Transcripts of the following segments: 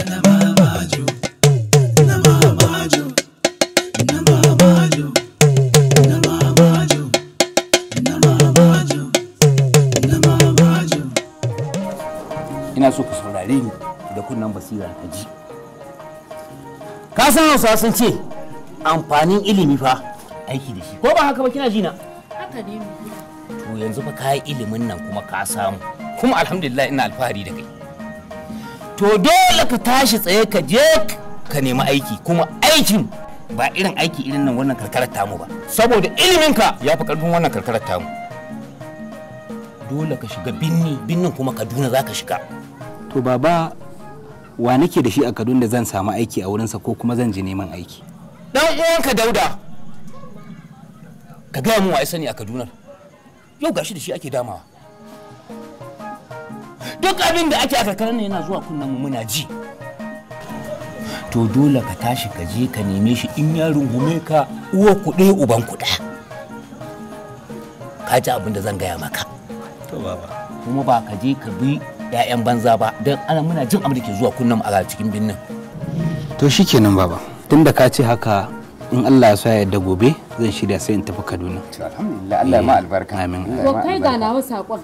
ina so ka saurare ni da kunnen basira ka ka san hausa sun ce amfanin ilimi fa aiki da shi ko ba haka ba kina ji na haka ne to yanzu fa ka ilimin nan kuma ka samu kuma alhamdulillah ina alfahari da kai to dole ka tashi tsaye ka je ka nemi aiki kuma aikin ba irin aiki irin nan wannan karkarar tamu ba saboda iliminka ya fi karfin wannan karkarar tamu dole ka shiga binni binnin kuma kaduna za ka shiga to baba wa nake da shi a kaduna zan samu aiki a wurinsa ko kuma zan je neman aiki dan uwanka dauda ka gaya mu wa sani a kaduna yau gashi da shi ake damawa duk abin da ake a kakarar ne yana zuwa kunnen mu muna ji to dole ka tashi ka je ka neme shi in ya rungume ka uwa kuɗe uban kuɗa ka ji abin da zan gaya maka to baba kuma ba ka je ka bi 'ya'yan banza ba don ana muna jin abin da ke zuwa kunnen a cikin binnin to shikenan baba tunda ka ce haka in Allah ya sa yadda gobe zan shirya sai in tafi Kaduna. Alhamdulillah Allah ya ma eh, albarka. Amin. Ko kai ga nawa sakon.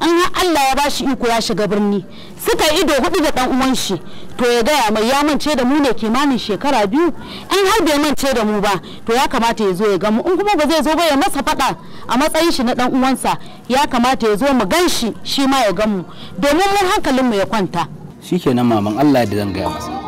an Allah ya bashi iko ya shiga birni suka yi ido hudu da dan uwan shi to ya gaya mai ya mance da mu ne kimanin shekara biyu in har bai mance da mu ba to ya kamata ya zo ya mu in kuma ba zai zo ba ya masa fada a matsayin shi na dan uwansa ya kamata ya zo mu gan shi shi ma ya mu domin mun hankalin mu ya kwanta shikenan maman Allah da zan gaya masa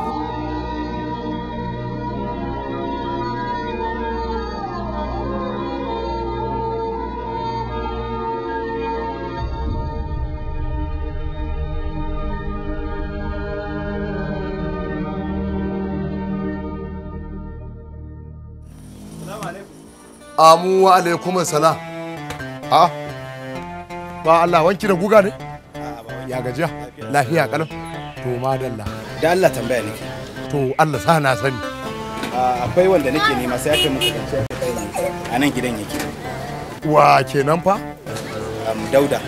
amu wa alaikum salam Ha? ba Allah wanki da guga ne ya gajiya lafiya kalam to dalla. da Allah tambaya nake to Allah sa na sani akwai wanda nake nema sai aka muku gance a nan gidan yake wa kenan fa dauda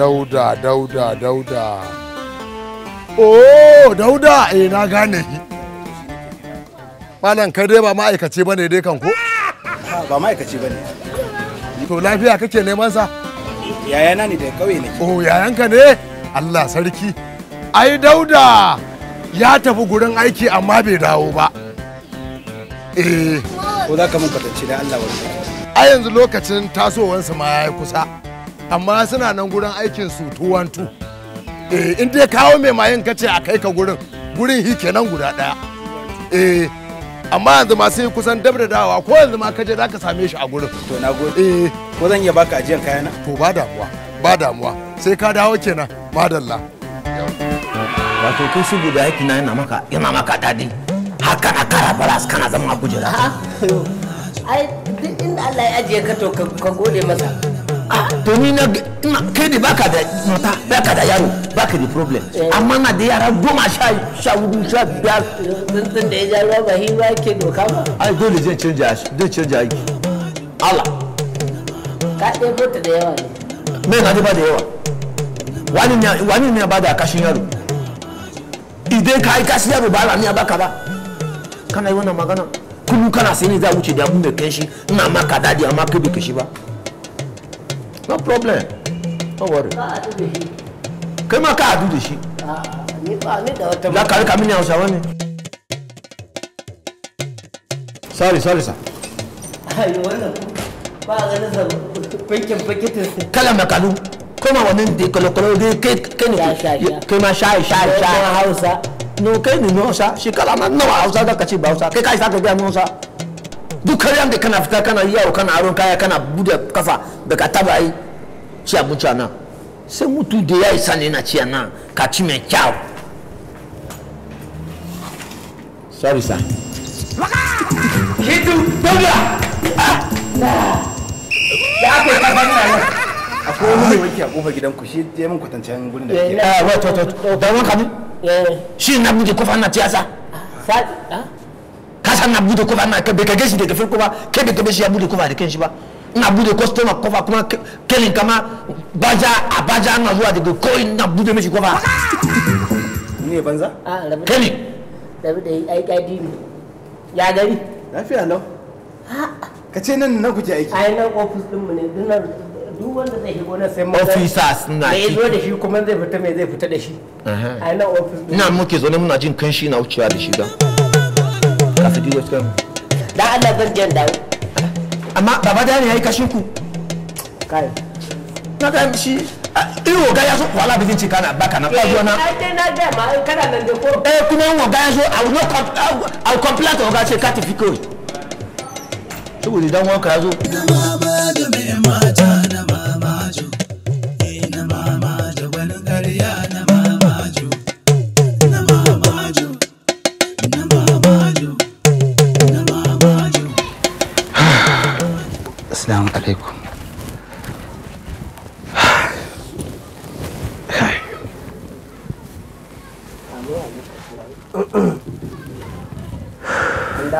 dauda dauda dauda oh dauda eh na gane malam kai dai ba ma'aikaci bane dai kan ko ba ma'aikaci ba ne to lafiya kake neman sa yayana ne da kauye ne oh yayanka ne Allah sarki ai dauda ya tafi gurin aiki amma bai dawo ba eh ko za ka mun kwatanci da Allah wani a yanzu lokacin tasowansu ma ya kusa amma suna nan gurin aikin su tuwantu eh in dai kawo mai mayin kace a kai ka gurin gurin hi kenan guda daya eh amma yanzu ma sai kusan dab da dawa ko yanzu ma kaje zaka same shi a gurin to na gode eh ko zan iya baka kaya kayana to ba damuwa ba damuwa sai ka dawo kenan madalla wato kun su guda yake na yana maka yana maka dadi haka na kara balas kana zama a kujera ai duk inda Allah ya ajiye ka to ka gode masa ni na kai ba ka da mata ka da yaro ka da problem amma na da yara goma sha sha wudu sha biya. tun da ya ba hi ba ke doka ba ai dole zai canja zai canja aiki ala ka ɗebo ta da yawa ne me na ba da yawa wani ne ba da kashin yaro idan ka yi kashin yaro ba ni ba ka ba kana yi wannan magana kullum kana sai ne za wuce da abin da kai shi ina maka dadi amma kai bai kashi ba no problem no worry kai ma ka adu da shi za ka rika mini hausawa ne sorry sorry sir ayo wannan ba ga nasa fakin fakitin kala makalu koma wannan da kwalokwalo dai kai kai ne kai ma shayi shayi shayi hausa no kai ne hausa shi kala ma nawa hausa da kace ba hausa kai kai sa ka gaya hausa duk karyan da kana fita kana yawo kana aron kaya kana bude kafa baka taba yi ci abinci a nan sai mutu da ya isa ne na ci a nan ka ci mai kyau sorry sir hidu dauda ah! ya ake karfan na yau akwai wani wanki a kofar gidanku shi ya min kwatancen gudun da ke ya wato wato da wanka ne eh. shi na bude kofa na tiyasa ah? ka san na bude kofa na ka bai ka gashi daga farko ba kai bai ka bai shi ya bude kofa da kanshi ba ina bude customer cover kuma kelin kama baja a baja na zuwa daga ko na bude mishi kofa ne banza kelin da ai kadi ne ya gari lafiya lau ka ce nan na kuke aiki ai nan office din mu ne dinar duk wanda zai shigo nan sai mun officers na ciki zo da shi kuma zai fita mai zai fita da shi ai nan office ina muke zo ne muna jin kanshi na wucewa da shi ga ka kan dan Allah zan je amma baba da ne yayi kashin ku kai na ga shi in woga ya so wala bi cin kana baka na kwazo na eh kuma in woga ya so i will not i will complain to woga ce ka tafi kai saboda dan wanka ya zo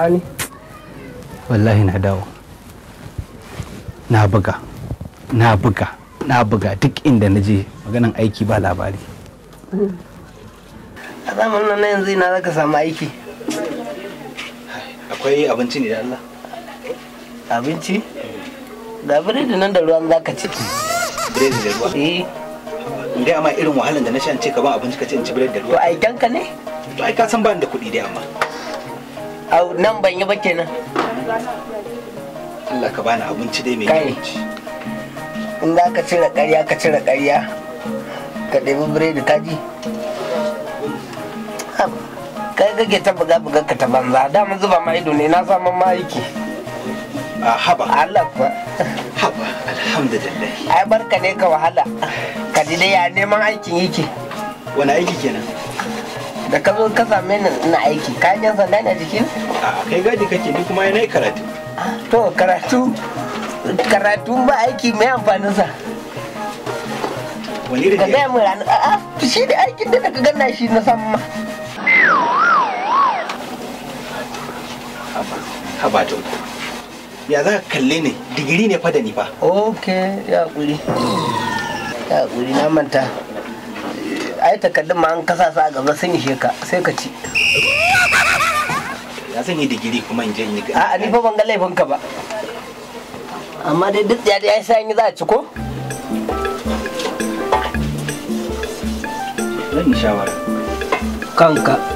ne wallahi na dawo na buga na buga na buga duk inda na je maganan aiki ba labari a nan na yanzu ina zaka samu aiki akwai abinci ne da Allah abinci da biredi nan da ruwan zaka ci biredi da ruwa eh dai amma irin wahalan da na sha ce ka ban abinci ka ce in ci biredi da ruwa to kanka ne to ai ka san ba da kuɗi dai amma nan ban yi ba kenan Allah ka bani abinci dai mai kyau in za ka cire ƙarya ka cire ƙarya ka ɗebi biredi ka ji kai kake ta buga buga ka ta banza da mun zuba ma ido ne na samu ma aiki a haba Allah kuwa haba alhamdulillah ai barka ne ka wahala ka ji dai ya neman aikin yake wani aiki kenan da ka zo ka same ni ina aiki kayan yan sanda ne a jikin kai gadi kake ni kuma yi karatu to karatu karatu ba aiki mai amfanin sa wani ka gaya mu ranar a, a, shi da aikin da ka gana shi na samun ma haba to ya za ka kalle ne digiri ne fa da ni fa Ok, ya kuri ya kuri na manta ai takardun ma an kasa sa gaba sun ishe ka sai ka ci ya san yi digiri kuma in je in yi a ni fa ban ga laifin ka ba amma dai duk ya dai sai an yi za a ci ko zan yi shawara kanka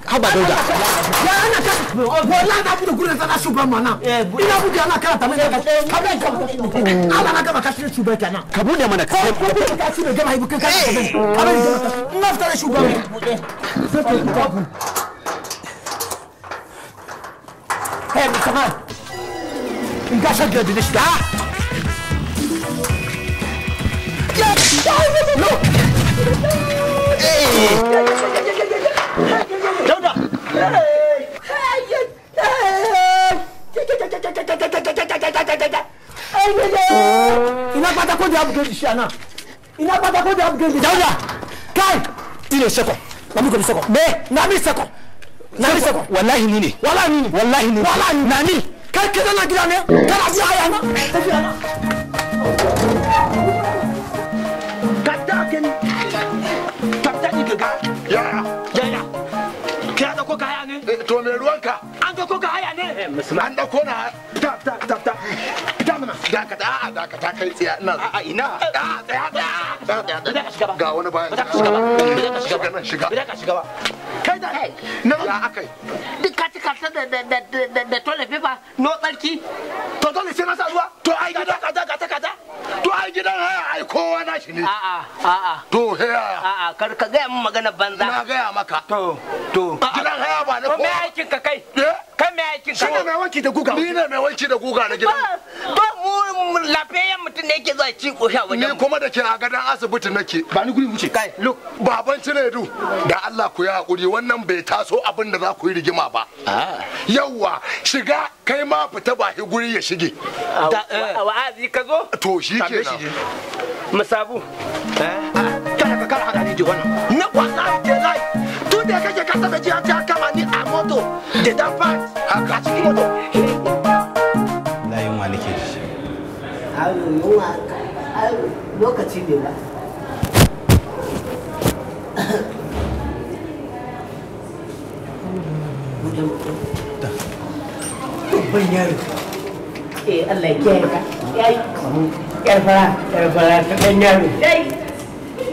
haba dauda ya ana ka wallahi na bude gurin sana shuban mu nan ina bude ana kana ta mai ka kaban ka ala na ka kashi shuban ka nan ka bude mana ka ko bude ka shi da gama ibukan ka kaban ka ina fita da shuban mu Hey, Mr. Man! In Gasha Girl, did this guy? Look! Hey! iná pátákó di abugéjì ṣe àná iná pátákó di abugéjì dáwúdà káì ilé sẹkọ nàmi kò ní sẹkọ bẹ́ẹ̀ nàmi sẹkọ nàmi sẹkọ wàláhi nìyí wàláhi nìyí wàláhi nìyí wàláhi nìyí nàmi káì kéde náà gíra ní kára sí àyà náà. gàdá kẹ́ni. an dauko na ta ta ta ta ta mana dakata a'a dakata kai tsaya ina a'a ina da. tsaya tsaya tsaya shiga ba ga wani baya da shiga ba shiga nan shiga ba shiga ba kai da kai na ya akai duk ka tika ta da da da da da toilet paper no tsarki to dole sai na sa ruwa to ai gida ka ta ka ta to ai gidan haya ai kowa na shi ne a'a a'a to haya a'a kar ka ga mun magana banza na ga maka to to gidan haya ba na ko me aikin ka kai eh aikin ka ne wanki da guga ni ne mai wanki da guga na gidan ba mu lafiyayyen mutum ne yake zuwa ci kosha wajen ni kuma da ke a gadan asibiti nake ba ni guri wuce kai look baban Cinedu da Allah ku yi hakuri wannan bai taso abin da za ku yi rigima ba ah. yawwa shiga kai ma fita ba guri ya shige eh. wa'azi ka zo to shi kenan musabu eh? kada ka kar haka wannan na dès que je casse, ça veut dire que kamani a moto. T'es dans pas, a cikin moto. Da yunwa nake da shi. yunwa, lokaci ne ba. Babban yaro. Eh Allah ya kiyaye ka. Yayi. Yar fara, yar fara ta ɗan yaro. Yayi.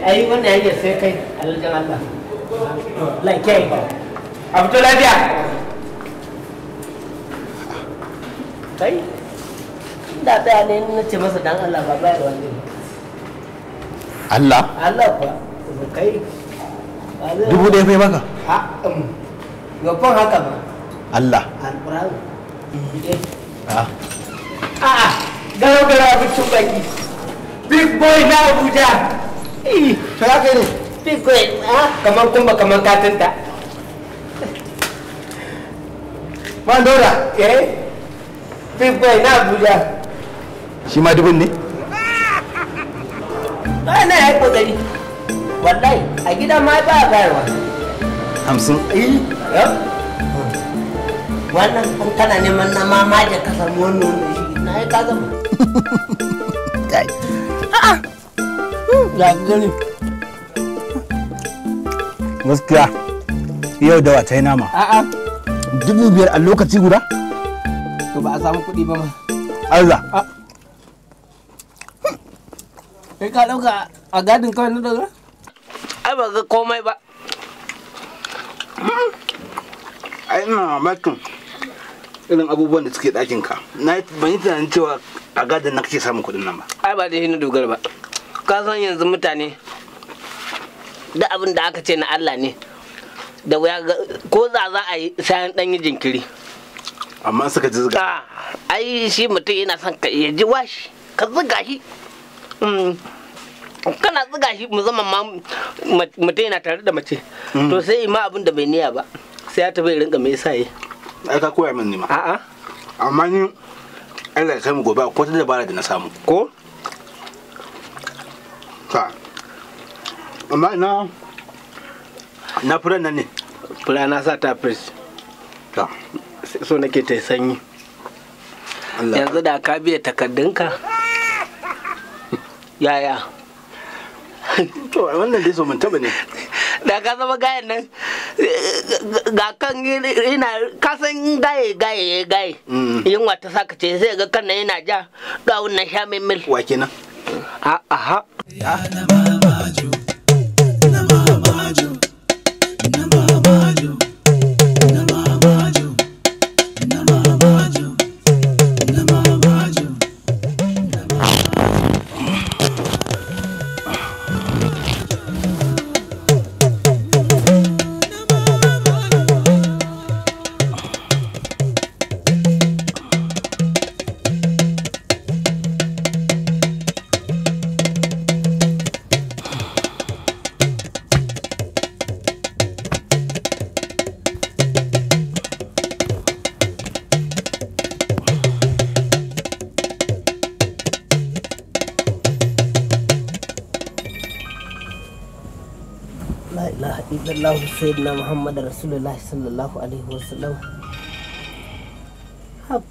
Ayi wannan yake sai kai, aljan Allah. Like A fito lafiya. Kai? Da tsaya ne na ce masa Allah ba bayarwa Allah? Allah ba. Kai. Dubu ɗaya Ha, um, Allah. Ah. Ah, ah, Big boy Abuja. bitcoin kamar kumba kamar katinta eh na abuja shi ma dubin ne ba na ya yi kokari wallahi a gida ma ba a bayarwa hamsin eh, eh? wannan kun kana neman na mama da ka samu na ka zama gaskiya yau da wata nama a'a dubu biyar a lokaci guda to ba a samu kuɗi ba ma arza kai ka ɗauka a gadin kawai na dauka ai ba ga komai ba ai na mamakin irin abubuwan da suke ɗakin ka na ban yi tunanin cewa a gadin na kake samun kuɗin nan ba ai ba da shi na dogara ba ka san yanzu mutane da abin da aka ce na Allah ne da wuya ko za za a yi sayan dan yi jinkiri amma suka ji zuga ah, ai shi mutum yana son ka ya ji washi ka zuga shi mm. kana zuga shi musamman ma mutum yana tare da mace mm. to sai ma abin da bai niya ba sai ya tafi rinka mai sa yi ai ka koya min ne ma a'a amma ni ai da kai mu gobe ko ta dabara da na samu ko ta amma ina na furen nan ne fura na sa ta fris so nake ta sanyi yanzu da ka biya takardunka yaya to wannan dai so mun taba ne da ka zama gayen nan ga kan ina kasan gaye gaye gaye mm. yunwa ta saka ce sai ga kan nan yana ja ga wannan sha mil wa kenan a'a ya na mama sayyidina muhammad rasulullahi sallallahu alaihi wasallam hab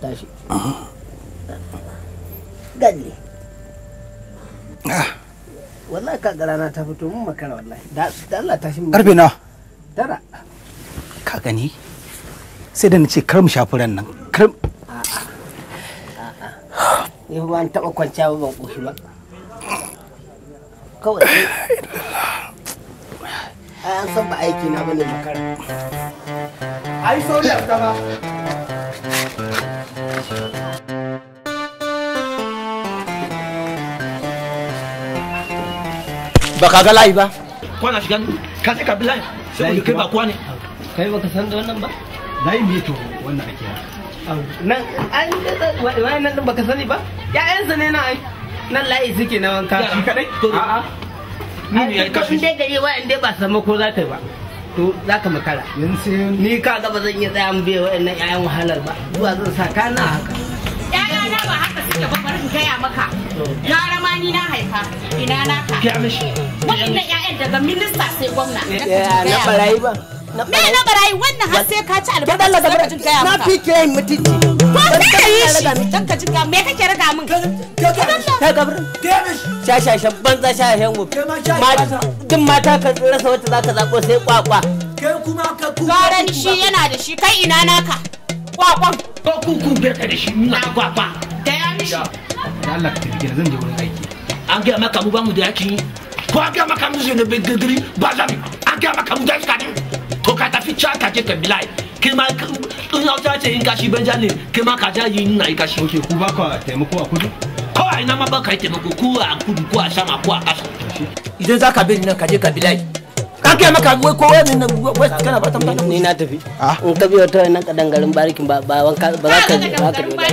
tashi gaji ah. wallahi ka gara na ta fito mun makara wallahi da Allah tashi mun karfe nawa tara ka gani sai da nace kar mu shafi ran nan kar a a a ni ba an taba kwanciya ba ban koshi ba kawai ai an san ba aiki na bane makara ai sorry afta ba ba ka ga layi ba kwana shiga ka sai ka bi layi saboda kai ba kwane kai baka san da wannan ba layi me to wannan ake nan an wannan baka sani ba ya'yansa ne na ai nan layi suke na wanka shi kadai a'a ni ko in dai gari wa in dai ba samu ko za ta ba to za ka makara ni ka ga ba zan iya tsaya mu biya wa'annan ƴaƴan wahalar ba zuwa zan sa ka na haka na ba haka suke ba bari in gaya maka gara ma ni na haifa ina naka wa'annan ƴaƴan daga minista sai gwamna na barayi ba me na barayi wannan har sai ka ci albarkacin lokacin kaya maka na fi yin mutunci ko sai ka yi shi dan ka jinka me kake raga min ka gabrin shashashan banza shashashan duk mata ka rasa wata zaka zako sai kwakwa kai kuma ka kuma garan shi yana da shi kai ina naka kwakwan ko k'u ka da shi na kwakwa da ya mishi Allah ka tafi zan je wurin aiki an gaya maka mu ba mu da yakin ko an gaya maka mu zai na bai gagari ba zami an gaya maka mu da yakin ka tafi ca ka je ka bi lai ma ah? in ce in kashi banja ne kai ma ka ja yi na yi kashi ok ku ba ka taimako a kudu kawai ina ma ba ka yi taimako a kudu ko a sama ko a kasa idan za ka bi nan ka je ka an kai maka wai na wai kana ba ta na tafi in ka nan kadan garin barikin ba ba wanka ba za ba ka ba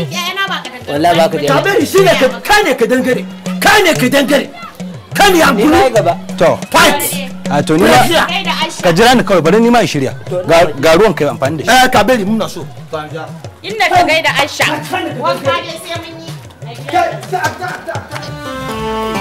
ka shi ne ka ne ka dangare ka ne ka dangare a to ni ka jira ni kawai bari ni ma in shirya ga ruwan kai amfani da shi eh ka bari na so in inna ka gaida aisha wanka ne sai mun yi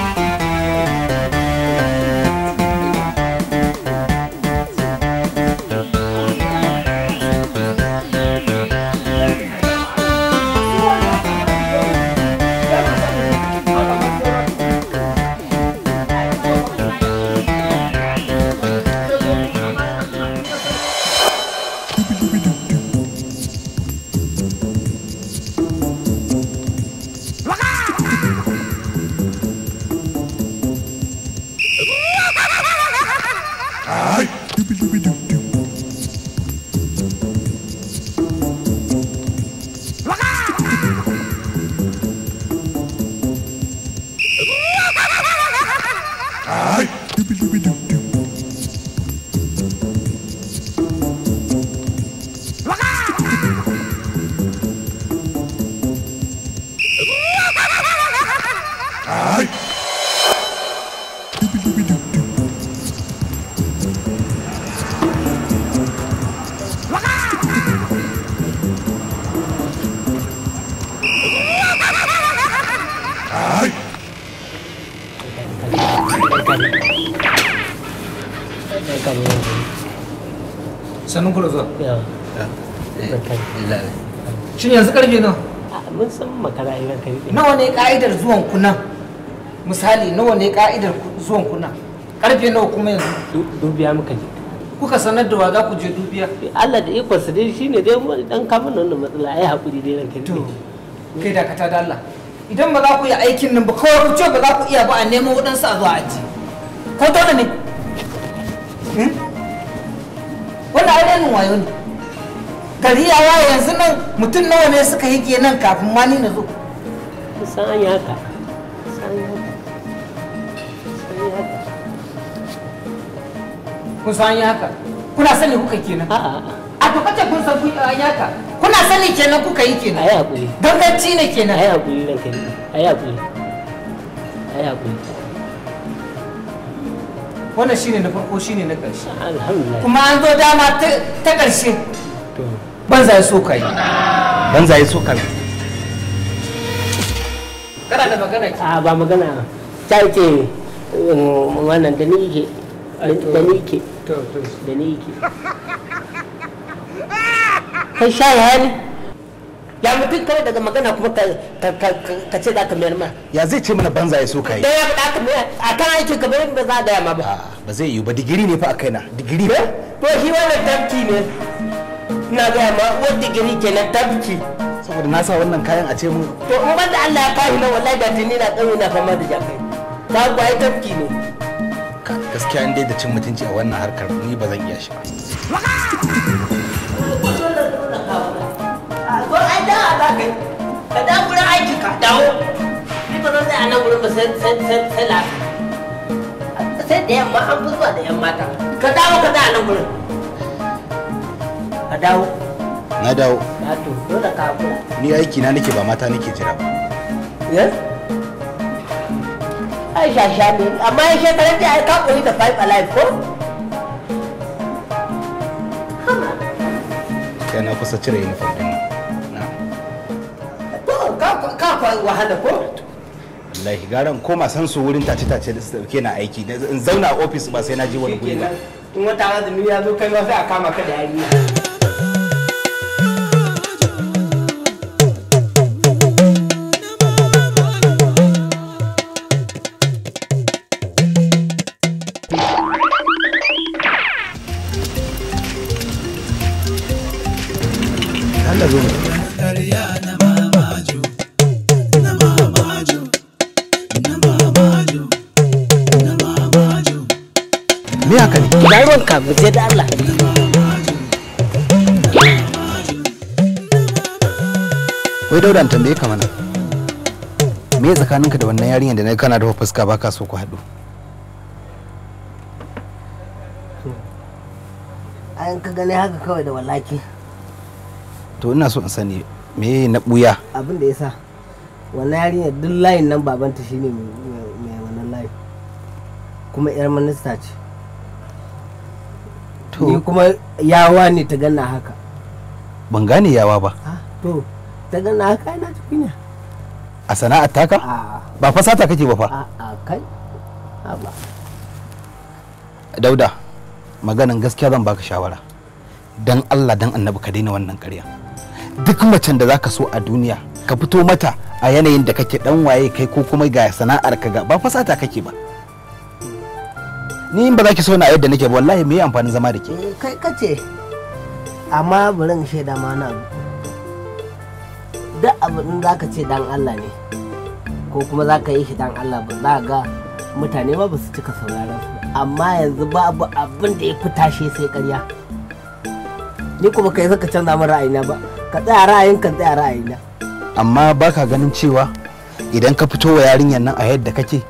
zuwan ku misali nawa ne ka'idar zuwan ku karfe nawa kuma yanzu dubiya muka je kuka sanar da wa za ku je dubiya eh, Allah da ikon su dai shine dai mu dan kamun nan matsala ai hakuri dai ranka to kai da kata da Allah idan ba za ku yi aikin nan ba kawai ku ce ba za ku iya ba a neman waɗansu a zuwa aji ko dole ne hmm? wannan ainihin wayo ne gari ya waye yanzu nan mutum nawa ne suka yi nan kafin ma ni na zo san an yi haka san san yi yi haka kuna sani kuka kenan a to kun san kun yi haka kuna sani kenan kuka yi kenan a yi hakuri ganganci ne kenan ayi hakuri ranka ne ayi a yi hakuri wannan shine na farko shine na ƙarshe alhamdulillah kuma an zo dama ta ƙarshe banza ya so kai banza ya so kai da magana a ah, ba magana ta ce wannan da ni da ni da ni ya zai ce mana banza ya so da ya ka mayar a kan aikin ka bayan ba ba ah, ba zai ba digiri ne fa a kaina digiri ba to shi wannan na tafki saboda na sa wannan kayan a ce mu to in banda Allah ya kawo nan wallahi da tuni na tsawo na fama da jakai ta ga ai tafki ne gaskiya in dai da cin mutunci a wannan harkar ni ba zan iya shi ba ko ai da ba kai ka da gurin aiki ka dawo ni ba zan tsaya nan gurin ba sai sai sai lafiya sai da yamma an fi zuwa da yamma ta ka dawo ka da nan gurin ka dawo na dawo na to dole ka ni aiki na nake ba mata nake jira ba yes eh? ai shasha ne amma ya shekarar da ai ka koyi da five alive ko sai na kusa cire uniform din na to ka ka wahala ko wallahi garan ko ma san su wurin tace tace da suke na aiki in zauna a office ba sai na ji wani guri ba in wata da ya zo kai ma sai a kama ka da yari Allah zo mu me haka ne da Allah mana me tsakaninka da wannan yarinyar da na kana da fuska baka so ku haɗu an gani haka kawai da wallaki to ina so in sani me na buya abin da yasa wannan yarinyar duk layin nan babanta shine mai wannan layin kuma yar minista ce to ni kuma yawa ne ta ganna haka ban gane yawa ba ah, to ta ganna haka ina cikin a sana'ar taka ba fasata kake ba fa a kai dauda maganin gaskiya zan baka shawara dan Allah dan annabi ka daina wannan ƙarya duk macen da zaka so a duniya ka fito mata a yanayin da kake dan waye kai ko kuma ga sana'ar ka ga ba fasata kake ba ni in ba za ki so na yadda nake ba wallahi me amfanin zama da ke eh, kai kace amma bari in shaida ma nan duk abin za ka ce dan Allah ne ko kuma za ka yi shi dan Allah ba za ga mutane ba su cika sauraron su amma yanzu babu abin da ya fi tashe sai karya ni kuma kai zaka canza min ra'ayina ba ka tsaya ra'ayin kan tsaya na. amma baka ganin cewa idan ka fito wa yarinyar nan a yadda kake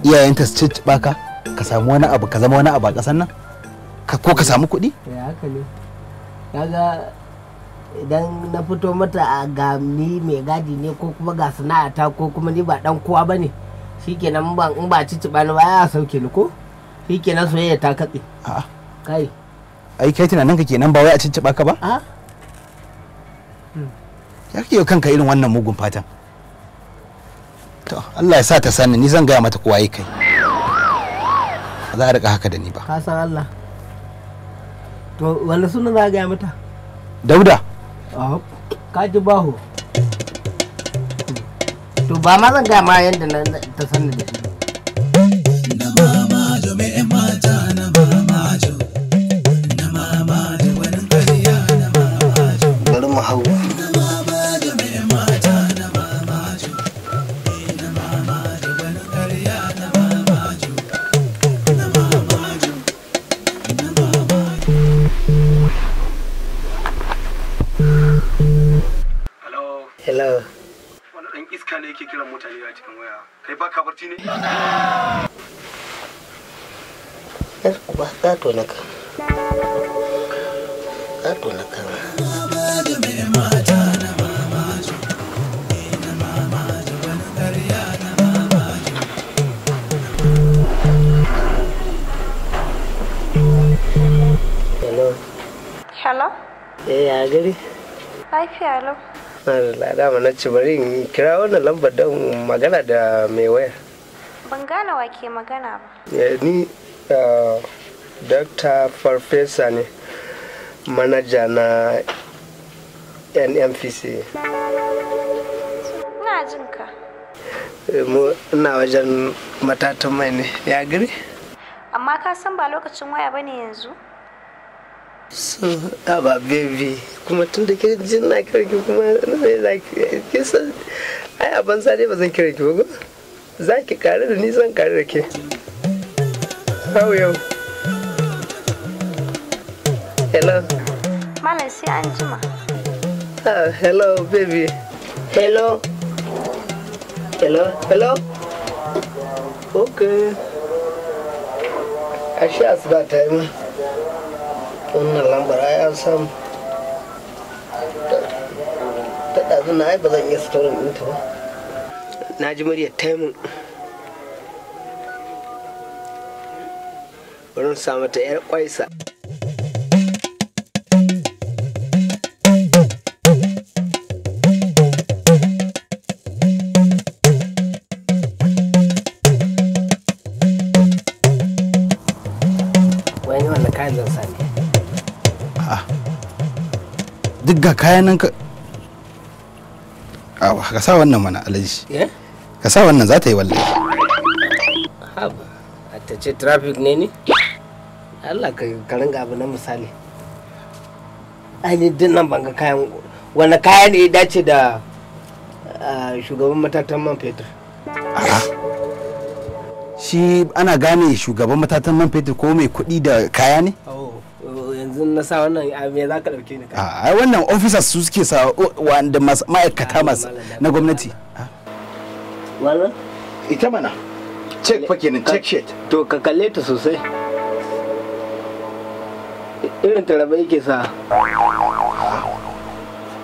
iyayenta su cici baka ka samu wani abu ka zama wani abu a ƙasar nan ko ka samu kuɗi ya eh, haka ne kaga idan na fito mata a ga ni mai gadi ne ko kuma ga sana'ata ko kuma ni ba dan kowa bane shikenan ban in ba ba ni ba ya sauke ni ko shikenan soyayya ta katse a'a kai ai kai tunanin ka kenan ba wai a cici ka ba a'a ya kake kanka irin wannan mugun fatan to Allah ya sa ta sani ni zan gaya mata kowa yi kai ba za a rika haka da ni ba ka san Allah to wanda suna za a gaya mata dauda oh, ka ji baho to ba ma zan gaya ma yadda ta sani da shi kiran mutane a cikin waya kai ba ka barci ne yar uba gato na kan gato na kan Hello? Eh, Allah dama na ci bari in kira wannan lambar don magana da mai waya. Ban gane wa ke magana ba. ni Dr. Farfesa ne, manaja na NMPC. Ina jin ka. Eh, ina wajen matatan mai ne, ya gari? Amma ka san ba lokacin waya ba ne yanzu? so ba kuma tun da kin jin na kira ki kuma me za ki ki san ai a banza dai ba zan kira ki ba za ki kare da ni zan kare da ke hau yau hello malam sai an jima oh ah, hello baby hello hello hello okay ashe asuba ta yi ma wannan lambar ai an samu ta ɗazu na ai ba zan iya storin ɗinta ba na ji muryar taimun bari samu ta 'yar kwaisa duk ga kayan nan ka ka sa wannan mana alaji eh? ka sa wannan za ta yi wallahi haba a ta ce traffic ne ne Allah ka ringa abu na misali ainihin din nan ban kayan wani kaya ne ya dace da shugaban matatan man fetur shi ana gane shugaban matatan man fetur ko mai kuɗi da kaya ne? yanzu na sa wannan me za ka dauke ni ka ah, ai wannan officers su suke sa wanda ma'aikata ah, masu na gwamnati wannan ah. ita mana check fa kenan check sheet to ka kalle ta sosai irin ta taraba ke sa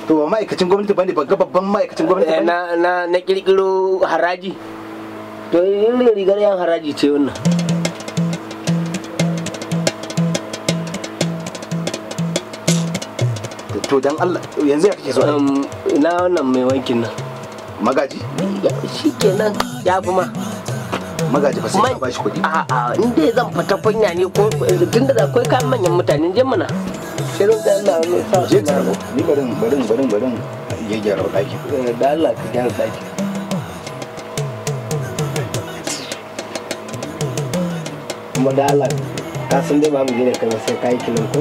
to ba ma'aikacin gwamnati bane ba ga babban ma'aikacin gwamnati eh, bane na na na kirkiro haraji to irin rigar yan haraji ce wannan to dan Allah yanzu ya kake so um, ina wannan mai wankin nan magaji shi kenan ya fi ma magaji ba sai ka bashi kuɗi a a in dai zan fata fanya ne ko tunda da akwai kayan manyan mutanen je mana shirin da Allah ne sa je ka ni barin barin barin barin ya gyara daki eh, da Allah ka gyara daki kuma da Allah ka san dai ba mu gina kai sai kai kilin ko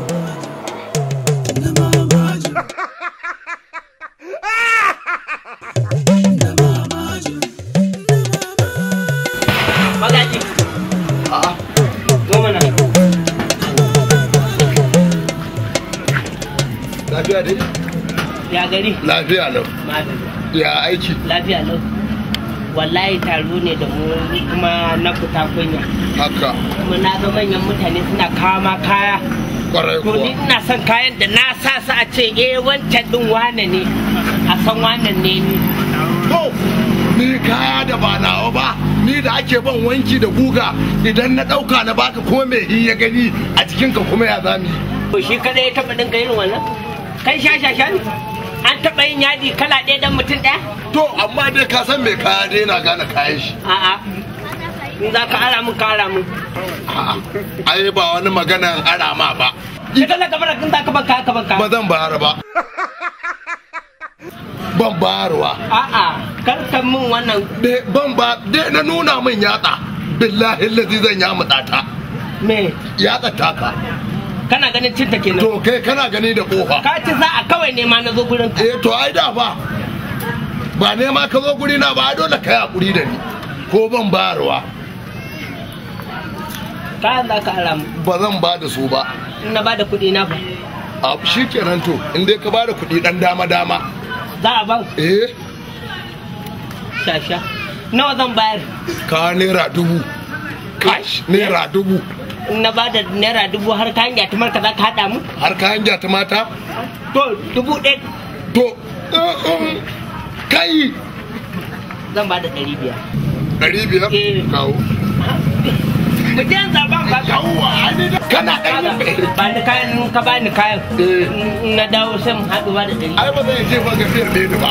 dare lafiya lau ya aiki lafiya lau wallahi taro ne da mu kuma na fita kunya haka kuma na ga manyan mutane suna kama kaya kwarai kuwa ni ina son kayan da na sa su a ce eh wancan din wane ne a san wannan ne ni to ni kaya da ba nawa ba ni da ake ban wanki da guga idan na ɗauka na baka kuma mai in ya gani a cikin ka kuma ya zami to shi kada ya taba dinka irin wannan kai sha sha sha ne an taɓa yin yadi kala ɗaya dan mutum ɗaya to amma dai ka san me kaya dai na gane kayan shi a'a in za ka ara mun ka ara mun a'a ai ba wani maganan ara ma ba idan na gaba da kin za ka banka ka banka ba zan bayar ba ban bayarwa a'a kar ka min wannan ban ba dai na nuna min yatsa billahi lazi zan ya mutata me yatsa taka kana ganin cinta kenan to kai kana gani da kofa ka ci za a kawai nema na zo gurin ka eh to ai da fa ba nema ka zo guri na ba dole kai hakuri da ni ko ban bayarwa Ka da ka alam ba zan ba da su ba in na ba da kuɗi na ba a shi kenan to in dai ka ba da kuɗi ɗan dama dama za a ban eh shasha nawa zan bayar ka naira dubu kash naira dubu na ba da naira dubu har ka hanya marka za ka haɗa mu har ka hanya ta mata to dubu ɗaya to eh, eh, kai zan ba da ɗari biyar ɗari biyar eh. kawo mutum zaɓen ba ka kawo kana ɗari biyar ba ni kayan ka ba ni kayan na dawo sai mu haɗu ba da ɗari ai ba zai ce ba ka fiyar ɗaya ba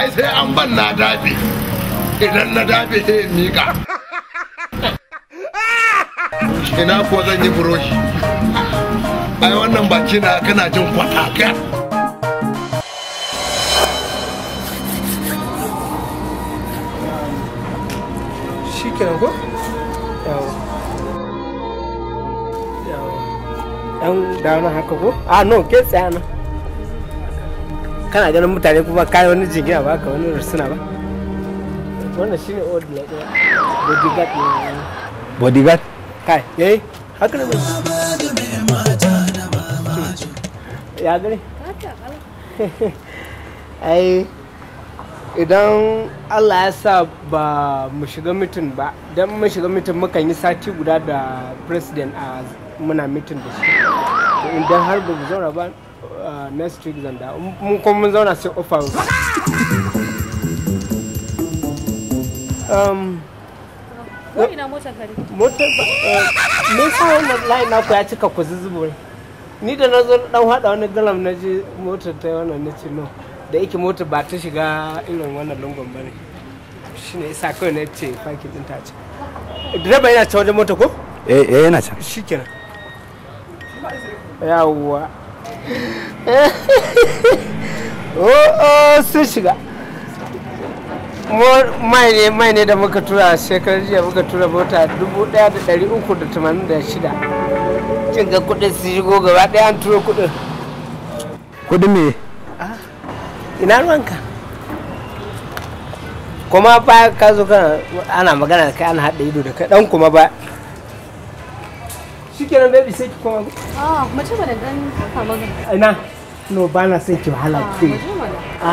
ai sai an ban na dafe idan na dafe sai in miƙa ina kuwa zan yi buroshi ai wannan baki na kana jin kwataka shi kenan ko yawa yawa yan dama haka ko a ah, no ke tsaya na kana ganin mutane kuma kayan wani jigina ba ka wani suna ba wannan shine old light eh, bodyguard eh. bodyguard kai yayi haka ne ya gare ai idan allah ya sa ba mu shiga mitin ba don mu shiga mitin mukan yi sati guda da president a muna mitin da shi idan har ba mu zauna ba next week zanda mun kuma mun zauna sai offer ko ina motar kare motar me yasa layi na naku ya cika ku zuzubu ni da na zo dan hada wani galam na ji motar ta wannan na ce no da yake motar ba ta shiga irin wannan lungun bane shine yasa kawai na ce fakin din ta ce direba yana ta wajen mota ko eh eh yana ta shikenan yawwa oh oh sun shiga mai ne mai ne da muka tura shekarar jiya muka tura mota 1386 cin ga kudin su shigo gaba daya an turo kudin kudin me ah, ina ruwanka kuma ba ka zo kan ana magana da kai ana haɗa ido da kai dan kuma ba shi kenan baby sai ki koma a ah, mace ba da dan ka magana ina no ba na ki wahala ah, ki a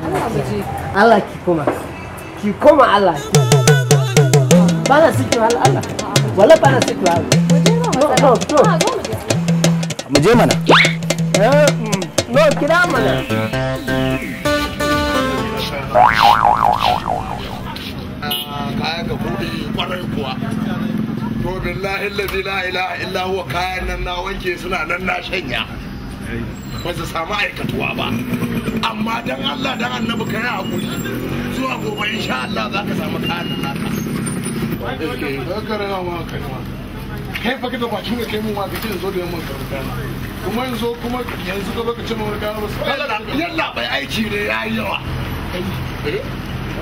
ah, Allah ki koma ki koma Allah ba na son ki wahala Allah wala ba na ki wahala mu je mana no kira mana kaya ga buɗe kwanan kuwa to billahi la ilaha illa huwa kayan nan na wanke suna nan na shanya ba su samu aikatuwa ba amma dan Allah dan annabi kai hakuri zuwa gobe insha Allah za ka samu kayan naka kai fa bakin ka kai mun ma kace da yamma kuma yanzu kuma yanzu ka baka ce mun riga ba yalla bai aiki ne yayi yawa eh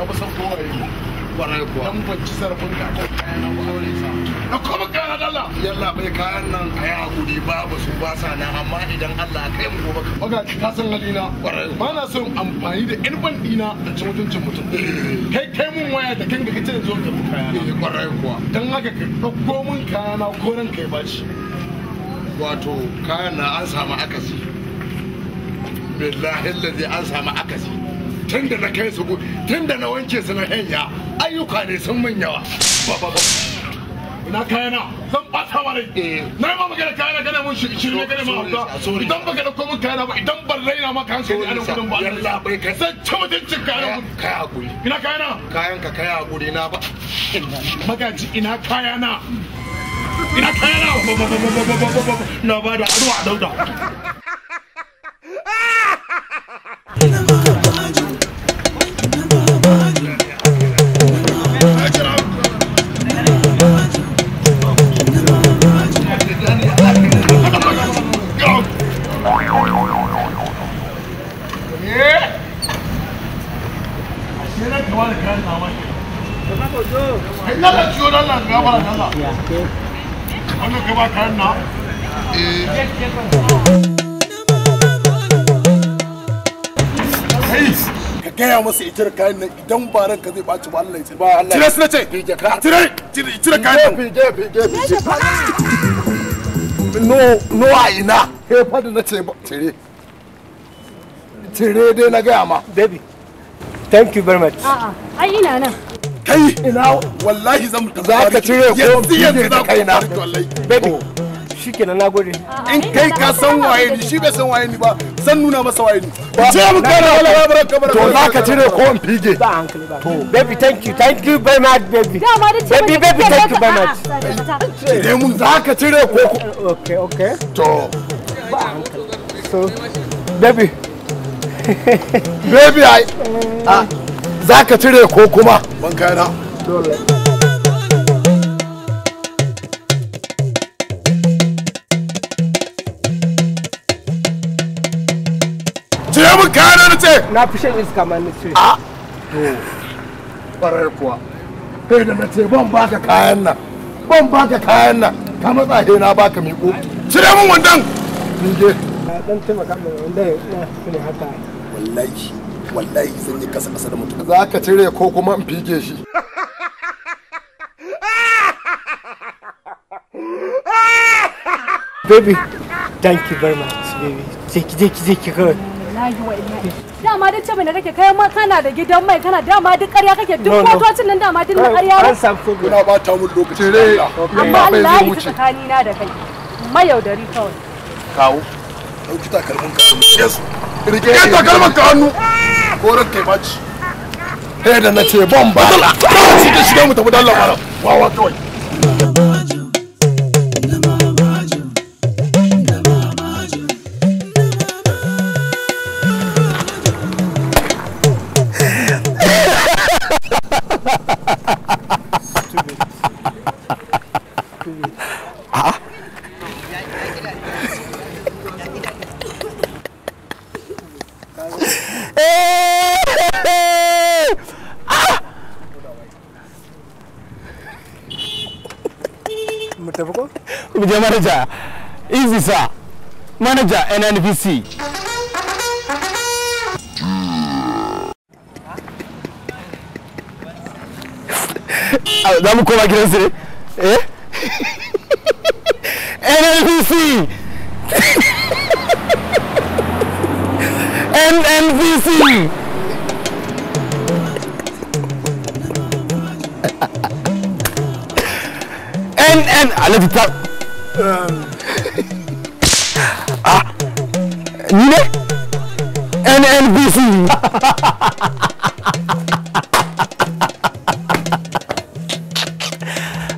ba san kwarai kuwa dan bacci sarfin ka ko kayan abu aure sa na kuma kana dalla yalla bai kayan nan a yi hakuri babu su ba sa nan amma idan Allah kai mu gobe ka oga ka san halina ba na son amfani da yan ban dina da ci mutuncin mutum eh. kai kai mun waya da kan da kace zo ka kayan eh, kwarai kuwa dan haka ka dauko mun kayan na ko ran kai baci wato kayan na an samu akasi billahi alladhi an samu akasi tun da na kai su tun da na wanke su na hanya ayyuka ne sun min yawa na kayana zan bata wa rai eh. na yi ma da kayana gane mun shirme gane ma hauta idan baka dauko mun kayana ba idan ban raina maka hankali a nan gudun ba yalla bai kai zan ci mutuncin kayana gudun kai hakuri ina kayana kayan ka kai hakuri na ba magaji ina kayana ina kayana na ba da aduwa dauda Okay. Eh. gaya masa ita kayan nan idan ba ranka zai ba Allah ya ce ba Allah ya ka tire tire kayan nan no no a ina fa da tire tire dai na gaya ma baby thank you very much a'a ai ina nan kai ina wallahi zan tafi za ka cire ko yanzu za oh. ka kaina baby nagode in kai ka san waye ni shi bai san waye ni ba zan nuna masa waye ni ce mu to za ka cire ko in fige ba hankali ba to baby thank you thank you very much baby baby baby thank you very much za ka cire ko okay okay to ba hankali so baby baby i ah za ka cire ko kuma ban kana cire mun kayana na ce na fi shan iska ma na ce a to farar kuwa kai da na ce ban baka kayan nan ban baka kayan nan ka matsa he na baka miƙo cire mun wandan ni je dan taimaka min wandan ya ne haka wallahi wallahi sun yi kasa kasa da mutum za ka cire ko kuma in fige shi baby thank you very much baby jeki jeki jeki kawai dama duk ce da kake kai ma kana da gidan mai kana dama duk ƙarya kake duk motocin nan dama duk ƙarya ne kuna ba ta mun lokaci ne amma Allah ya tsakani na da kai mayaudari kawai kawo ɗauki takalmin ka hannu. Yes. Rike takalmin ka hannu. ko ran kai baci sai da na ce ban ba ka shiga mu tafi dalla wawa kawai Manager NNVC. Za mu koma Eh? NNVC! NNVC! NN! I love ni ne nnbc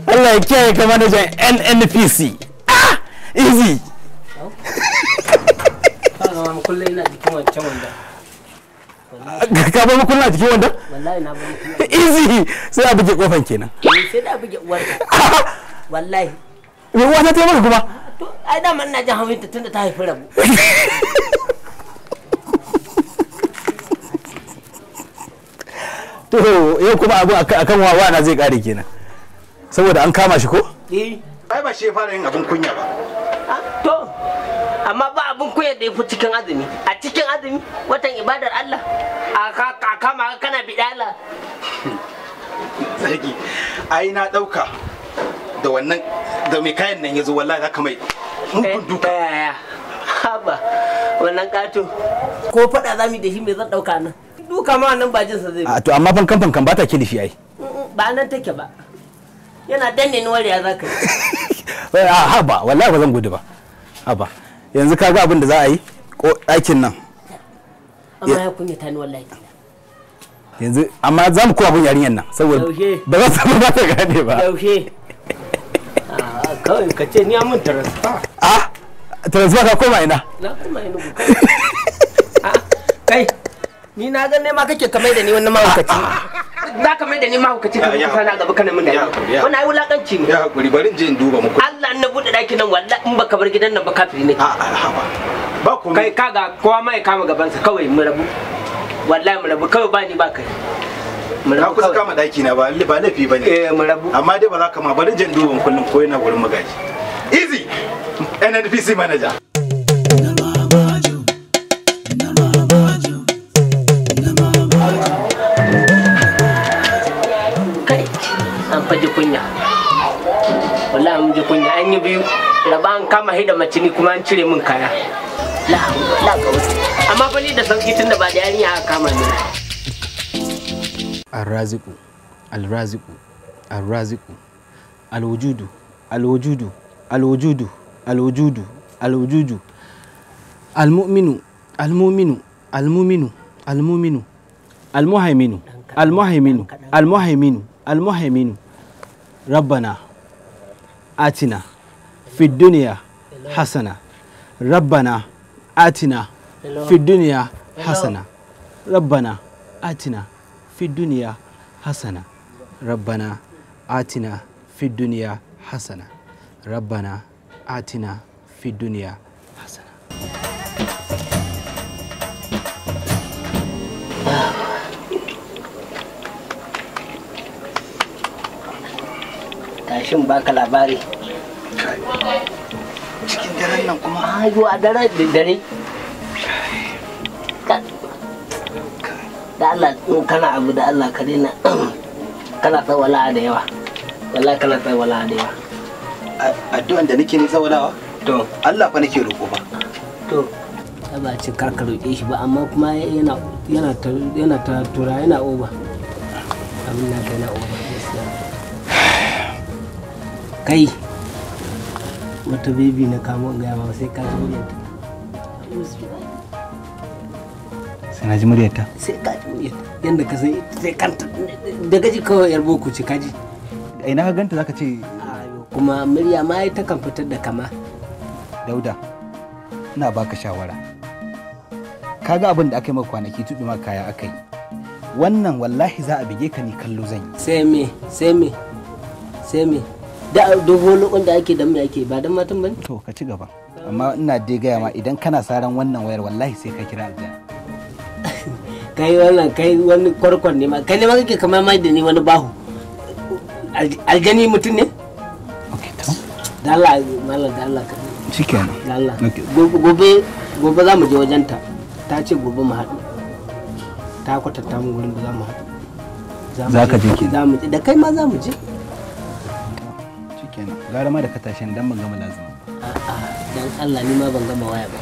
Allah ya kiyaye ka manajan nnpc ah easy ka ba mu kulla jikin wanda wallahi na ba easy sai a buge kofan kenan sai da buge uwarka wallahi me uwa ta yi maka kuma to ai da man na ji hawinta tunda ta haifi rabu to yau kuma abu akan wawa na zai kare kenan saboda an kama shi ko eh ai ba shi fara yin abin kunya ba ah, to amma ba abin kunya da ya fi cikin azumi a cikin azumi watan ibadar Allah a kama kana bidala sarki ai na dauka da wannan da mai kayan nan yazo wallahi zaka mai mun eh, duka eh, eh. haba wannan kato ko fada zamu da shi me zan dauka nan duka ma nan ba jin sa zai to amma fan kamfan kan bata kilifi ai ba nan take ba yana danne ni wariya zaka yi eh, ha ba wallahi ba zan gudu ba ha ba yanzu ka ga abin da za a yi ko ɗakin nan amma ya kunya ta ni wallahi yanzu amma za mu kowa bin yarinyar nan saboda ba za su ba ta gane ba yaushe ah, kawai ka ce ni amin transfer ah transfer ka koma ina na koma ina ah, kai ni na ganne ma kake kamar da ni wannan mahaukaci za ka mai da ni mahaukaci ka kusa sana gaba kana min da ni wannan ayi wulakanci ne ya hakuri bari in je in duba muku Allah in na bude daki nan wallahi in baka bar gidan nan ba kafiri ne a a ba ku kai kaga kowa mai kama gaban sa kawai mu rabu wallahi mu rabu kawai ba ni ba kai mu rabu kusa kama daki na ba ba lafi ba ne eh mu rabu amma dai ba za ka ma bari je in duba duban kullum ko yana wurin magaji easy nnpc manager kunya wallahi mun ji kunya an yi biyu raba an kama hida mace ni kuma an cire min kaya amma fa ni da sauki tun da ba da yarinya aka kama ni arraziku alraziku arraziku alwujudu alwujudu alwujudu alwujudu alwujudu almu'minu almu'minu almu'minu almu'minu almuhaiminu almuhaiminu almuhaiminu almuhaiminu rabbana atina fi duniya hasana rabbana atina fi duniya atina fi hasana rabbana atina fi duniya hasana atina fi hasana shin baka labari cikin daren nan kuma hayo a daren da dare da Allah in kana abu da Allah ka daina kana tsawala da yawa wallahi kana tsawala da yawa addu'an da nake ne tsawalawa to Allah fa nake roƙo ba to ba ce kar ka roƙe shi ba amma kuma yana yana ta yana ta tura yana oba abin na yana oba kai wata bebi na kamo in gaya ba sai ka ji muryarta sai na ji muryarta sai ka ji muryarta yadda ka sai sai kanta da gaji kawai yar boko ce kaji a ina ka ganta zaka ce kuma murya ma ta kan fitar da kama dauda ina baka shawara kaga abin da aka yi maka kwanaki tudu ma kaya aka yi wannan wallahi za a bige ka ni kallo zan yi sai me sai me sai me da dogon lokon da ake dan me ake ba dan matan bane to ka ci gaba amma ina dai gaya ma idan kana saran wannan wayar wallahi sai ka kira aljanna kai wannan kai wani kwarkwan ne ma kai ne ma kake kamar mai da ni wani bahu aljani mutum ne okay to dalla mallan dalla ka shikenan dalla gobe gobe za mu je wajen ta ta ce gobe mu haɗu ta kwatanta mu wurin da za mu haɗu za ka je da kai ma za mu je gara ma da ka tashi dan ban gama lazima ba a'a dan Allah ni ma ban gama waya ba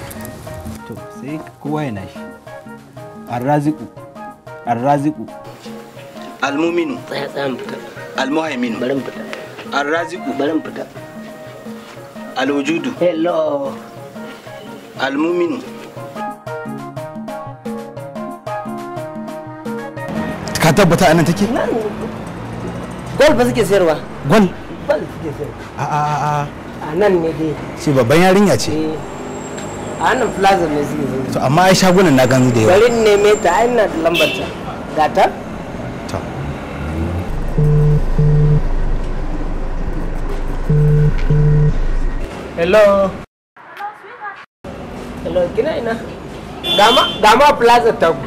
to sai kowa ya nashi arraziku arraziku almuminu tsaya tsaya fita almuhaiminu bari fita arraziku bari fita alwujudu hello almuminu ka tabbata anan take gol ba suke sayarwa gol ban suke a a a nan ne dai shi babban yarinya ce eh. a nan plaza ne zai to amma ai shagunan na gano da yawa ne ta ai na lambar ta gata hello hello kina ina gama gama plaza ta ku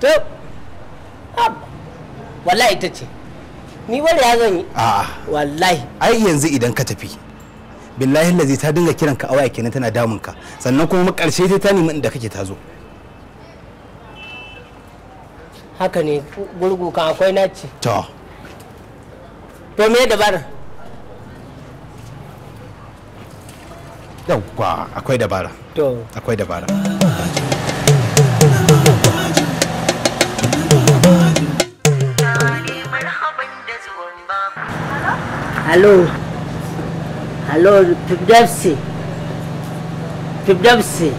to wallahi ita ce ni wani ya zan yi wallahi ai yanzu idan ka tafi billahi lazi ta dinga kiran ka awaya kenan tana damun ka sannan kuma karshe ta ta nemi inda kake ta zo haka ne gurgu kan akwai naci to to me dabara yawwa akwai dabara to akwai dabara Hello. Hello, Fibdafsi. Fibdafsi.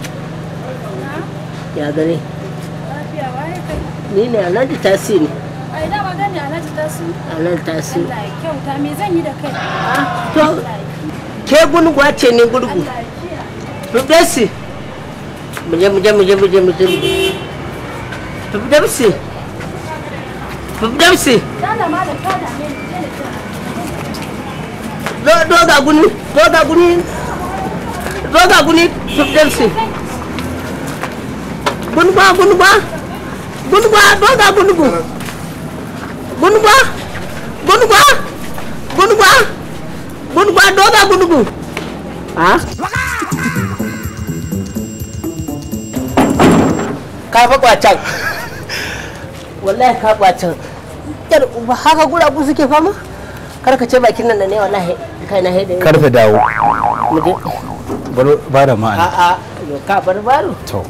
Ya gani? Ni ne Alhaji Tasi ne. Ai da magana Alhaji Tasi. Alhaji Tasi. Allah ya kyauta me zan yi da kai? Ah, to ke gulguwa ce ni Mu je mu je mu je mu je mu je. Dala doga guni doga guni doga guni sukkelsi gunba gunba gunba doga gunbu gunba gunba gunba gunba doga gunbu ah ka fa kwacan wallahi ka kwacan yar haka gura ku suke fama kar ka ce bakin nan da ne wallahi kai na hede kar ka dawo bar bara ma a a ka bar baro to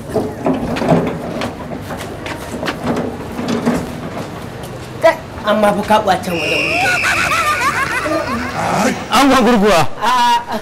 amma fa ka kwacen wajen an gurguwa a a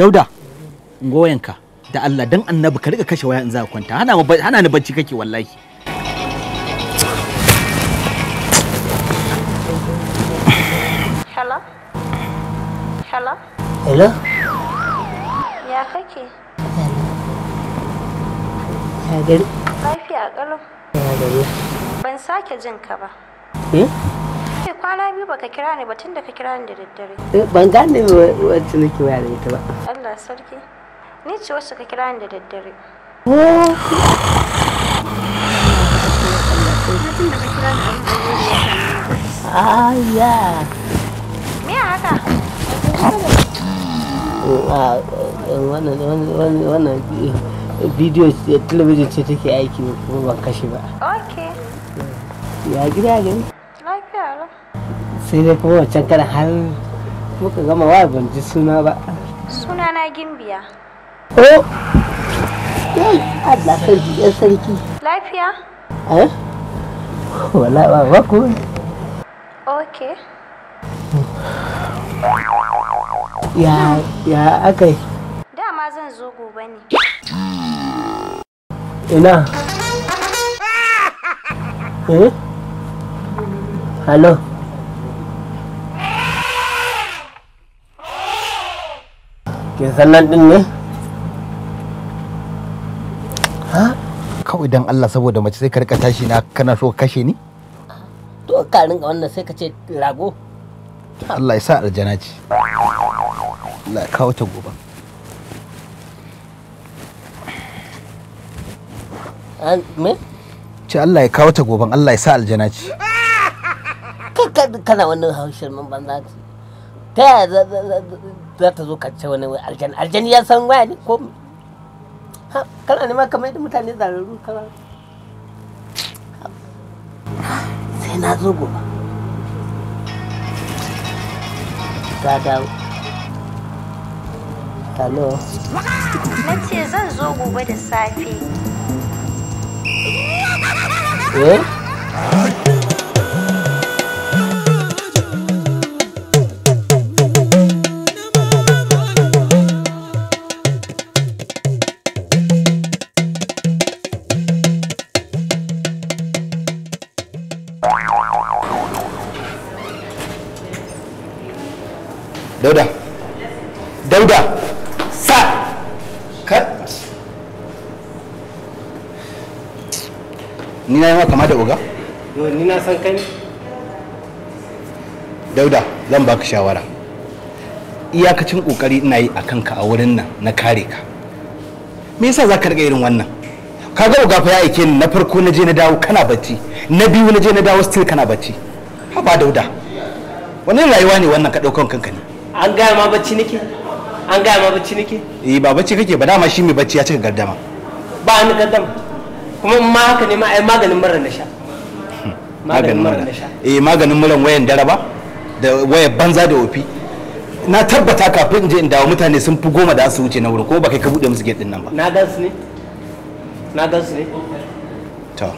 dauda goyonka da Allah dan annabi ka rika kashe waya in za ka kwanta hana hana ni bacci kake wallahi hello hello ya kake ya gari lafiya kalau ya gari ban sake jin ka ba eh kwana biyu baka kira ni ba tun da ka kira ni da daddare eh, ban gane wacce nake waya da ita ba Allah sarki ni ce wacce ka kira ni da daddare Aya. Me haka? Eh, wannan bidiyo talabijin ce take aiki kuma ban kashe ba. Ok. Ya gida gani? Lafiya lau. sai dai kuma wancan kada har muka gama wa ban ji suna ba suna na gimbiya oh Allah sarki yan sarki lafiya eh wala ba ba ko okay ya ya akai dama zan zo gobe ne ina eh hello ke sannan din ne ha kawai dan Allah saboda mace sai ka rika tashi na kana so kashe ni to ka rinka wannan sai ka ce rago Allah ya sa aljana ce Allah ka kawo ta gobe me ce Allah ya kawo ta goben Allah ya sa aljana ce kana wannan haushin mun banza ta yaya za ta zo ka ce wani aljani aljani ya san waya ne ko kana nema kamar yadda mutane zararru kana sai na zo gobe ta dawo hello na zan zo gobe da safe eh ma kama da uga ni na san kai dauda zan baka shawara iyakacin kokari ina yi a kanka a wurin nan na kare ka me yasa za ka riga irin wannan ka ga uga fa ya aike ni na farko na je na dawo kana bacci na biyu na je na dawo still kana bacci haba dauda wannan rayuwa ne wannan ka daukan kanka ne an gaya ma bacci nake an gaya ma bacci nake eh ba bacci kake ba dama shi mai bacci ya cika gardama ba ni gardama kuma in ne ma maganin mura na sha maganin mura na sha eh maganin muran wayan daraba ba da wayar banza da ofi na tabbata kafin je in dawo mutane sun fi goma da su wuce na wurin ko ba kai ka bude musu gate din nan ba na gan su ne na gan su ne to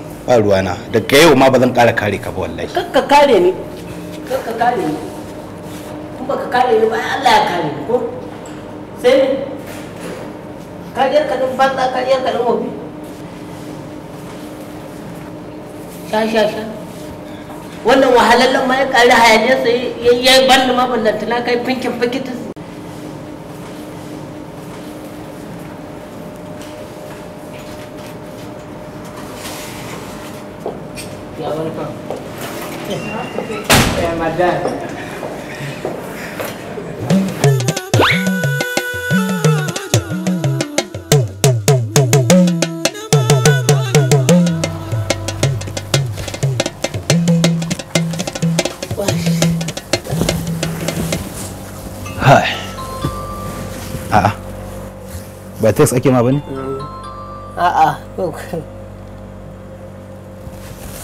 ba na daga yau ma ba zan ƙara kare ka ba wallahi kakka kare ni kakka kare ni ba ka kare ni ba Allah ya kare ni ko sai ne kariyar ka din banza kariyar ka din wofi ta sha sha wannan wahalallan ma ya ƙari hayaniyarsa ya yi banda ma ballantana kai finkin fikitin Yeah, my dad. latex ake ma bane a'a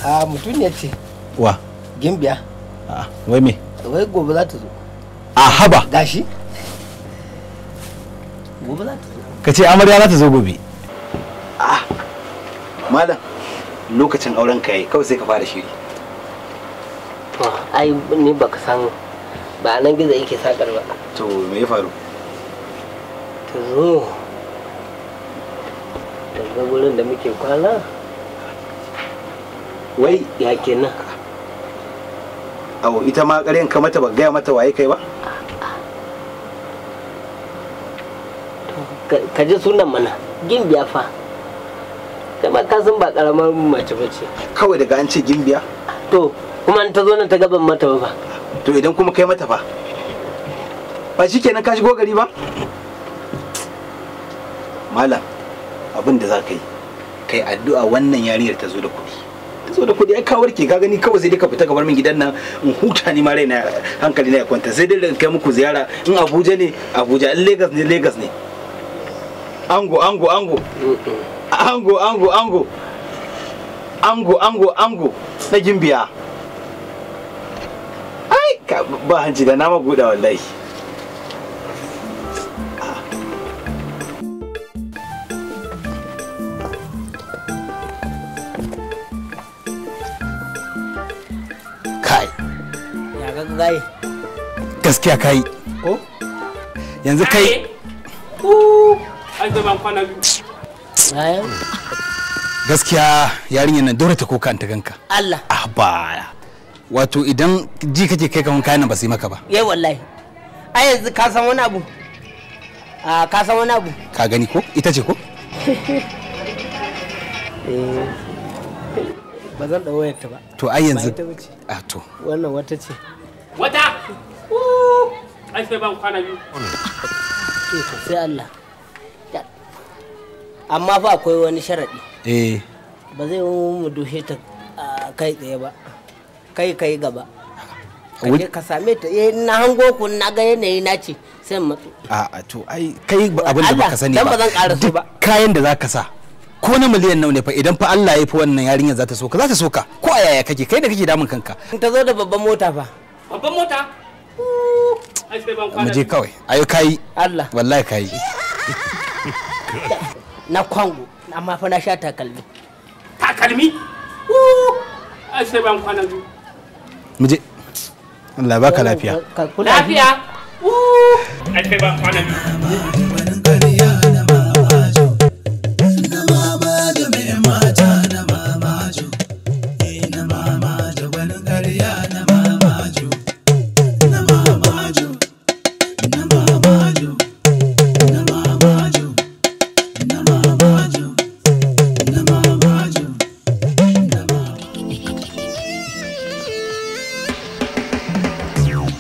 a mutum ne ce wa gimbiya a wai me wai gobe za ta zo a haba gashi gobe za ta zo ka ce amarya za ta zo gobe a ah, malam lokacin auren ka yi kawai sai ka fara shiri ai ni baka san ba nan gizo yake sakar ba to me ya faru to zo da muke kwana wai ya kenan awo ita ma ƙaryan ka mata ba gaya mata waye kai ba ka ji sunan mana gimbiya fa kama ka san ba karamar mace ba ce kawai daga an ce gimbiya to kuma an ta zo nan ta gaban mata ba to idan kuma kai mata fa ba shi kenan ka shigo gari ba malam abin da za ka yi kai addu'a wannan yarinyar ta zo da kuɗi ta zo da kuɗi ai ka warke ka gani kawai sai dai ka fita gabar min gidan nan in huta ni ma raina hankali na ya kwanta sai dai da kai muku ziyara in Abuja ne Abuja in Lagos ne Lagos ne ango ango ango ango ango ango ango ango ango na gimbiya ai ba hanci da na buɗa wallahi zai gaskiya kai ko yanzu kai gaskiya yarinyar nan dora ta koka ta ganka Allah ah ba wato idan ji kake kai kan kayan nan ba su yi maka ba yayi wallahi ai yanzu ka san wani abu a ka san wani abu ka gani ko ita ce ko eh. ba zan da wayar ta ba to ai yanzu a ah, to wannan wata ce wata ai sai ban kwana biyu sai Allah amma fa akwai wani sharaɗi eh ba zai yi mu dushe ta kai tsaye ba kai kai gaba kaje ka same ta eh na hango ku na ga yanayi na ce sai matsu a'a to ai kai abin da baka sani ba ba kayan da zaka sa ko na miliyan nawa ne fa idan fa Allah ya fi wannan yarinya za ta so ka za ta so ko a yaya kake kai da kake damun kanka in ta zo da babban mota fa babban mota mu je kawai ayo kai Allah wallahi kai na kwango amma fa na sha takalmi takalmi ai sai ban kwana biyu muje Allah baka lafiya lafiya ai sai ban kwana biyu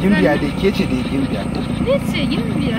gimbiya dai ke ce dai gimbiya. Ni ce gimbiya.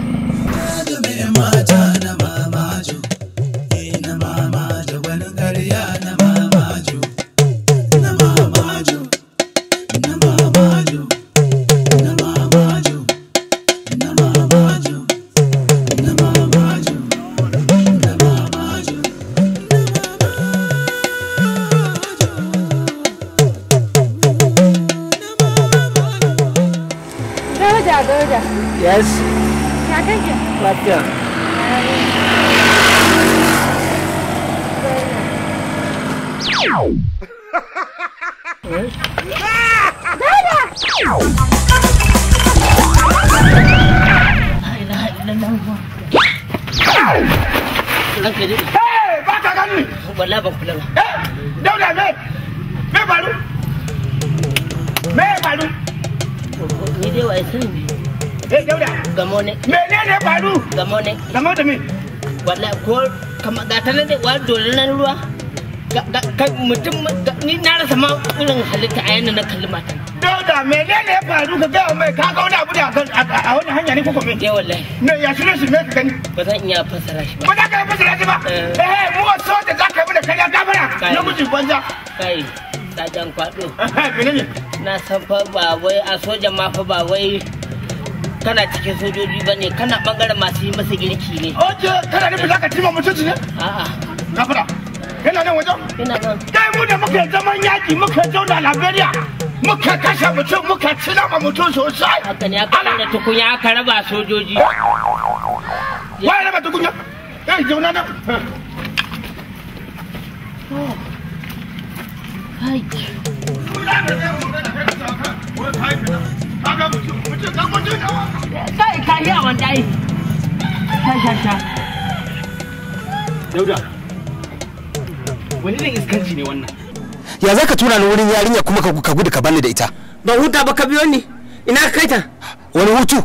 dolanan ruwa mutum ni na rasa ma irin halitta a yanda na kalli mata dauda menene ya faru ka gaya mai ka ga wani abu da a wani hanya ne koko me eh wallahi me ya shi shi me ka gani ba zan iya fassara shi ba ba za ka fassara shi ba eh, eh mu so da za ka yi da kariya gafara na miji banza kai sajan kwado eh, menene na san fa ba wai a soja ma fa ba wai kana cikin sojoji bane kana bangaren masu yi masa girki ne oje kana nufin za ka tima mutunci ne a'a gafara yana nan wajen kai mu da muka zaman yaki muka zauna liberia muka kashe mutum muka ci nama mutum sosai haka da tukunya aka raba sojoji waye raba tukunya kai zauna nan Hai. Kai ka yi a wanda yi. wani ne iskanci ne wannan ya zaka tura ni wurin yarinya kuma ka gudu ka bani da ita ba huta ba ka biyo ni ina ka kai ta wani hutu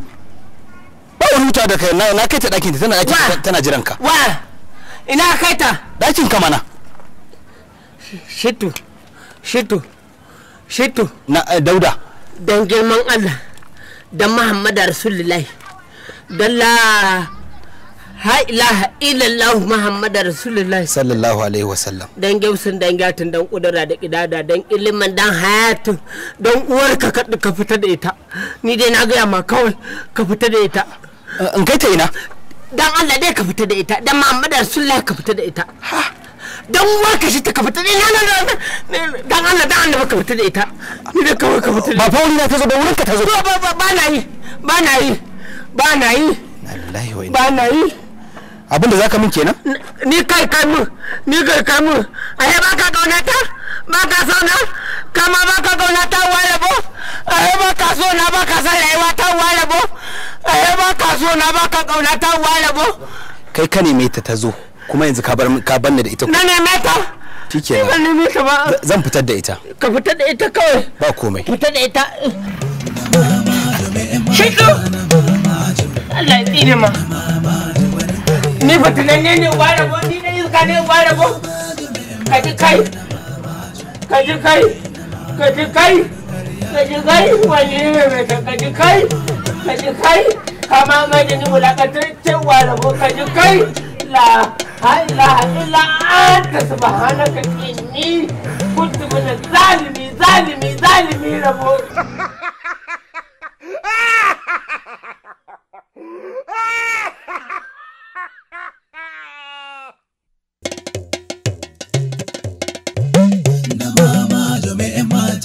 ba wani huta da kai na kai ta dakin ta tana dakin tana jiran ka wa ina ka kai ta dakin ka mana shitu shitu shitu na eh, dauda dan girman Allah dan Muhammadu Rasulullahi dan la ha ilaha illallah muhammadu rasulullahi sallallahu alaihi wasallam dan gausun dan gatin dan kudura da kidada dan ilimin dan hayatin dan uwar ka ka fita da ita ni dai na gaya ma kawai ka fita da ita eh, in kai ta ina dan Allah dai ka fita da ita dan muhammadu rasulullahi ka fita da ita dan ka shi ta ka fita da ita dan Allah dan Allah ka fita da ita ni dai kawai ka fita da ita ba fa wurin ta zo ba wurin ka ta zo ba ba na yi ba na yi ba na yi ba na yi abin da zaka min kenan ni kai kai mu ni kai kai mu aye ba ka ta ba ka sona kama ba ka ta wala bo aye ba ka na ba ka sa rayuwa ta wala bo aye ba ka na ba ka ta wala bo kai ka neme ta ta zo kuma yanzu ka bar ka banne da ita na neme ta shikenan ban neme ta ba zan fitar da ita ka fitar da ita kawai ba komai fitar da ita shi Allah ya tsine ma ni fitinanne ne uba rabo ni na iska ne uba rabo ka ji kai ka ji kai ka ji kai ka ji kai wani ne mai ka ji kai ka ji kai kama mai da ni wulakantaccen uba rabo ka ji kai la haila illa anta subhanaka inni kuntu min zalimi zalimi zalimi rabo Ha ha ha! da mama domin 'yan